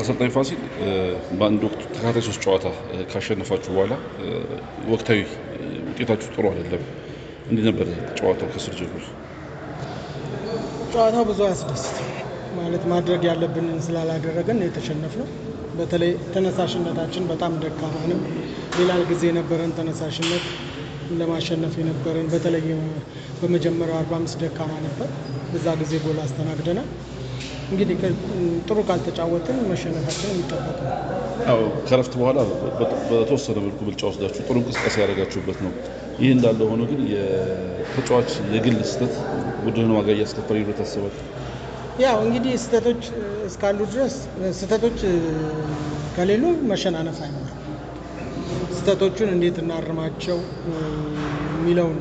አሰልጣኝ ፋሲል በአንድ ወቅት ተከታታይ ሶስት ጨዋታ ካሸነፋችሁ በኋላ ወቅታዊ ውጤታችሁ ጥሩ አይደለም። እንዴት ነበር ጨዋታው ከስር ጀምር። ጨዋታው ብዙ አያስደስት ማለት ማድረግ ያለብንን ስላላደረገን የተሸነፍነው። በተለይ ተነሳሽነታችን በጣም ደካማ ነው። ሌላ ጊዜ የነበረን ተነሳሽነት ለማሸነፍ የነበረን በተለይ በመጀመሪያው 45 ደካማ ነበር። በዛ ጊዜ ጎል አስተናግደናል። እንግዲህ ጥሩ ካልተጫወትን መሸነፋችን የሚጠበቅ ነው። ከረፍት በኋላ በተወሰነ መልኩ ብልጫ ወስዳችሁ ጥሩ እንቅስቃሴ ያደረጋችሁበት ነው። ይህ እንዳለ ሆኖ ግን የተጫዋች የግል ስህተት ቡድን ዋጋ እያስከፈለ ይሮ ታስባል። ያው እንግዲህ ስህተቶች እስካሉ ድረስ ስህተቶች ከሌሉ መሸናነፍ አይኖርም። ስህተቶቹን እንዴት እናርማቸው የሚለውን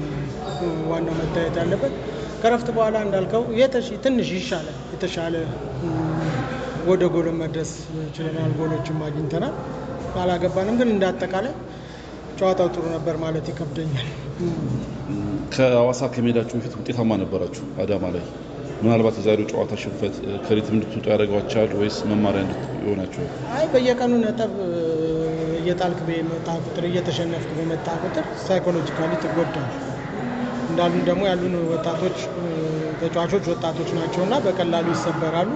ዋናው መታየት ያለበት ከረፍት በኋላ እንዳልከው ትንሽ ይሻለ የተሻለ ወደ ጎሎ መድረስ ችለናል፣ ጎሎችም አግኝተናል። አላገባንም፣ ግን እንዳጠቃላይ ጨዋታው ጥሩ ነበር ማለት ይከብደኛል። ከአዋሳ ከሜዳችሁ በፊት ውጤታማ ነበራችሁ አዳማ ላይ። ምናልባት የዛሬው ጨዋታ ሽንፈት ከሪትም እንድትወጡ ያደርጓቸዋል ወይስ መማሪያ ይሆናችኋል? አይ በየቀኑ ነጥብ እየጣልክ በመጣ ቁጥር እየተሸነፍክ በመጣ ቁጥር ሳይኮሎጂካሊ ትጎዳል። እንዳሉ ደግሞ ያሉን ወጣቶች ተጫዋቾች ወጣቶች ናቸው እና በቀላሉ ይሰበራሉ።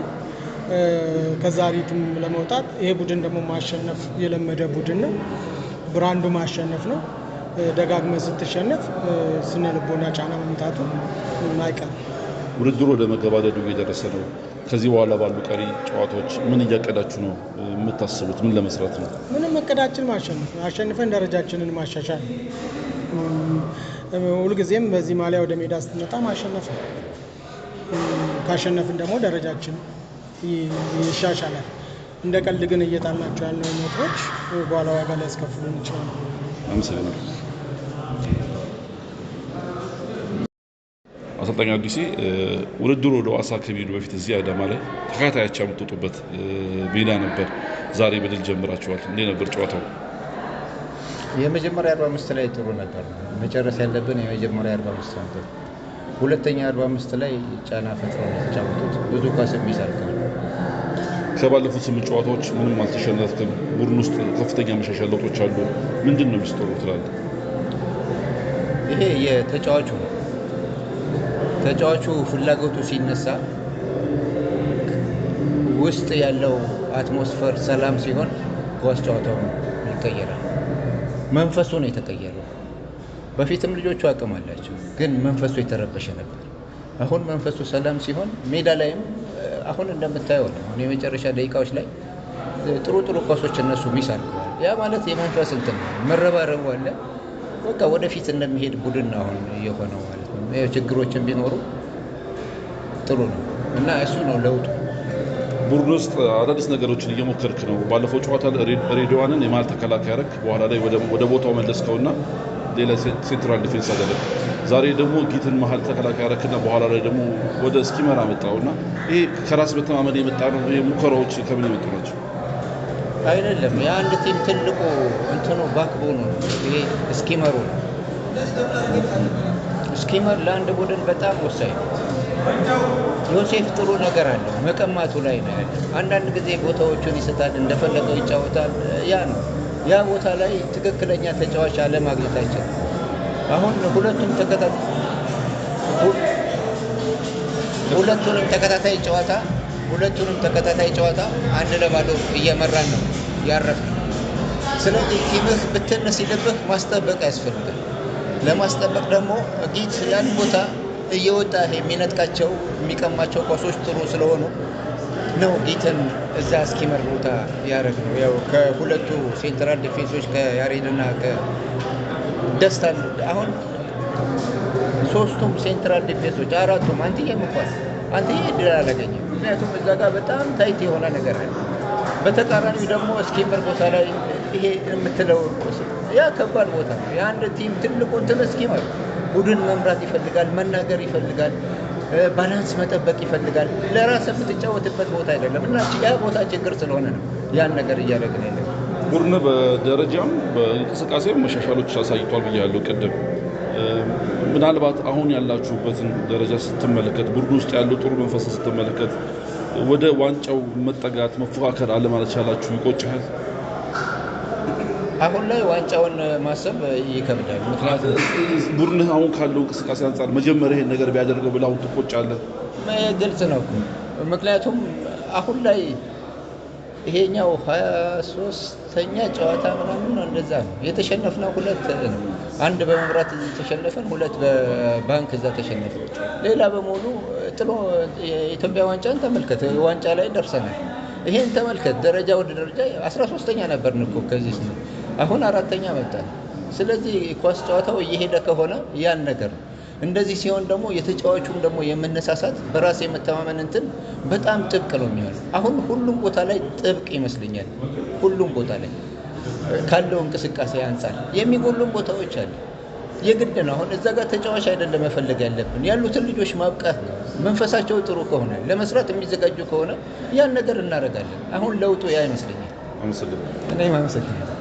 ከዛ ሪትም ለመውጣት ይሄ ቡድን ደግሞ ማሸነፍ የለመደ ቡድን ነው። ብራንዱ ማሸነፍ ነው። ደጋግመ ስትሸነፍ ስነ ልቦና ጫና መምታቱ ማይቀር ውድድሩ ወደ መገባደዱ እየደረሰ ነው። ከዚህ በኋላ ባሉ ቀሪ ጨዋታዎች ምን እያቀዳችሁ ነው የምታስቡት? ምን ለመስራት ነው? ምንም እቅዳችን ማሸነፍ፣ አሸንፈን ደረጃችንን ማሻሻል ሁልጊዜም በዚህ ማሊያ ወደ ሜዳ ስትመጣ ማሸነፍ ነው። ካሸነፍን ደግሞ ደረጃችን ይሻሻላል። እንደ ቀልድ ግን እየጣልናቸው ያለው ሞቶች በኋላ ዋጋ ላይ ያስከፍሉን ይችላል። አመሰግናለሁ። አሰልጣኝ አዲሴ ውድድሩ ወደ ዋሳ ከሚሄዱ በፊት እዚህ አዳማ ላይ ተከታታያቸው የምትወጡበት ሜዳ ነበር። ዛሬ በድል ጀምራችኋል። እንዴት ነበር ጨዋታው? የመጀመሪያ 45 ላይ ጥሩ ነበር። መጨረስ ያለብን የመጀመሪያ 45 ነበር። ሁለተኛ 45 ላይ ጫና ፈጥሮ የተጫወቱት ብዙ ኳስ የሚሰርቅ ነው። ከባለፉት ስምንት ጨዋታዎች ምንም አልተሸነፍክም። ቡድን ውስጥ ከፍተኛ መሻሻል ለውጦች አሉ። ምንድን ነው ሚስጥሩ ትላለህ? ይሄ የተጫዋቹ ነው። ተጫዋቹ ፍላጎቱ ሲነሳ ውስጥ ያለው አትሞስፈር ሰላም ሲሆን ኳስ ጨዋታው ይቀየራል። መንፈሱ ነው የተቀየረው። በፊትም ልጆቹ አቅም አላቸው፣ ግን መንፈሱ የተረበሸ ነበር። አሁን መንፈሱ ሰላም ሲሆን ሜዳ ላይም አሁን እንደምታየው ነው። አሁን የመጨረሻ ደቂቃዎች ላይ ጥሩ ጥሩ ኳሶች እነሱ ሚስ አድርገዋል። ያ ማለት የመንፈስ እንትን መረባረቡ አለ። በቃ ወደፊት እንደሚሄድ ቡድን አሁን የሆነው ማለት ነው። ችግሮችን ቢኖሩ ጥሩ ነው እና እሱ ነው ለውጡ። ቡድን ውስጥ አዳዲስ ነገሮችን እየሞከርክ ነው። ባለፈው ጨዋታ ሬዲዋንን የመሀል ተከላካይ ያረክ፣ በኋላ ላይ ወደ ቦታው መለስከውና ሌላ ሴንትራል ዲፌንስ አደረግ። ዛሬ ደግሞ ጊትን መሀል ተከላካይ ያረክና በኋላ ላይ ደግሞ ወደ እስኪመራ መጣውና ይሄ ከራስ መተማመን የመጣ ነው። ሙከራዎች ከምን የመጡ ናቸው? አይደለም የአንድ ቲም ትልቁ እንትኑ ባክቦኑ ነው። ይሄ እስኪመሩ ነው። እስኪመር ለአንድ ቡድን በጣም ወሳኝ ነው። ዮሴፍ ጥሩ ነገር አለው መቀማቱ ላይ ነው ያለ። አንዳንድ ጊዜ ቦታዎቹን ይሰጣል፣ እንደፈለገው ይጫወታል። ያ ነው ያ ቦታ ላይ ትክክለኛ ተጫዋች አይችልም። አሁን ሁለቱም ተከታ ሁለቱንም ተከታታይ ጨዋታ ሁለቱንም ተከታታይ ጨዋታ አንድ ለባዶ እየመራን ነው ያረፍ። ስለዚህ ቲምህ ብትነስ ሲልብህ ማስጠበቅ ያስፈልጋል። ለማስጠበቅ ደግሞ ጊት ያን ቦታ እየወጣ የሚነጥቃቸው የሚቀማቸው ኳሶች ጥሩ ስለሆኑ ነው ኢተን እዛ እስኪመር ቦታ ያደረግ ነው። ያው ከሁለቱ ሴንትራል ዲፌንሶች ከያሬድና ከደስታ አሁን ሶስቱም ሴንትራል ዲፌንሶች አራቱም አንትዬ ምኳል አንትዬ እድል አላገኘም። ምክንያቱም እዛ ጋር በጣም ታይት የሆነ ነገር አለ። በተቃራኒ ደግሞ እስኪመር ቦታ ላይ ይሄ የምትለው ያ ከባድ ቦታ ነው። የአንድ ቲም ትልቁ እንትን እስኪመር ቡድን መምራት ይፈልጋል፣ መናገር ይፈልጋል፣ ባላንስ መጠበቅ ይፈልጋል። ለራስ የምትጫወትበት ቦታ አይደለም እና ያ ቦታ ችግር ስለሆነ ነው ያን ነገር እያደረግን ያለ ቡድን በደረጃም በእንቅስቃሴ መሻሻሎች አሳይቷል ብያለሁ ቅድም። ምናልባት አሁን ያላችሁበትን ደረጃ ስትመለከት ቡድን ውስጥ ያለው ጥሩ መንፈስ ስትመለከት ወደ ዋንጫው መጠጋት መፎካከር አለማለት ቻላችሁ ይቆጭሃል? አሁን ላይ ዋንጫውን ማሰብ ይከብዳል። ምክንያቱም ቡድንህ አሁን ካለው እንቅስቃሴ አንጻር መጀመሪያ ይሄን ነገር ቢያደርገው ብለህ አሁን ትቆጫለህ? ግልጽ ነው። ምክንያቱም አሁን ላይ ይሄኛው ሀያ ሶስተኛ ጨዋታ ምናምን ነው እንደዛ ነው የተሸነፍነው። ሁለት አንድ በመምራት ተሸነፈን፣ ሁለት በባንክ እዛ ተሸነፈ ሌላ በሙሉ ጥሎ የኢትዮጵያ ዋንጫን ተመልከት፣ ዋንጫ ላይ ደርሰናል። ይሄን ተመልከት፣ ደረጃ ወደ ደረጃ አስራ ሶስተኛ ነበርን እኮ ከዚህ አሁን አራተኛ መጣ። ስለዚህ ኳስ ጨዋታው እየሄደ ከሆነ ያን ነገር ነው። እንደዚህ ሲሆን ደግሞ የተጫዋቹም ደግሞ የመነሳሳት በራስ የመተማመን እንትን በጣም ጥብቅ ነው የሚሆነው። አሁን ሁሉም ቦታ ላይ ጥብቅ ይመስለኛል። ሁሉም ቦታ ላይ ካለው እንቅስቃሴ አንጻር የሚጎሉም ቦታዎች አሉ። የግድ ነው። አሁን እዛ ጋር ተጫዋች አይደለም መፈለግ ያለብን ያሉትን ልጆች ማብቃት ነው። መንፈሳቸው ጥሩ ከሆነ ለመስራት የሚዘጋጁ ከሆነ ያን ነገር እናደርጋለን። አሁን ለውጡ ያ ይመስለኛል። እኔም አመሰግናለሁ።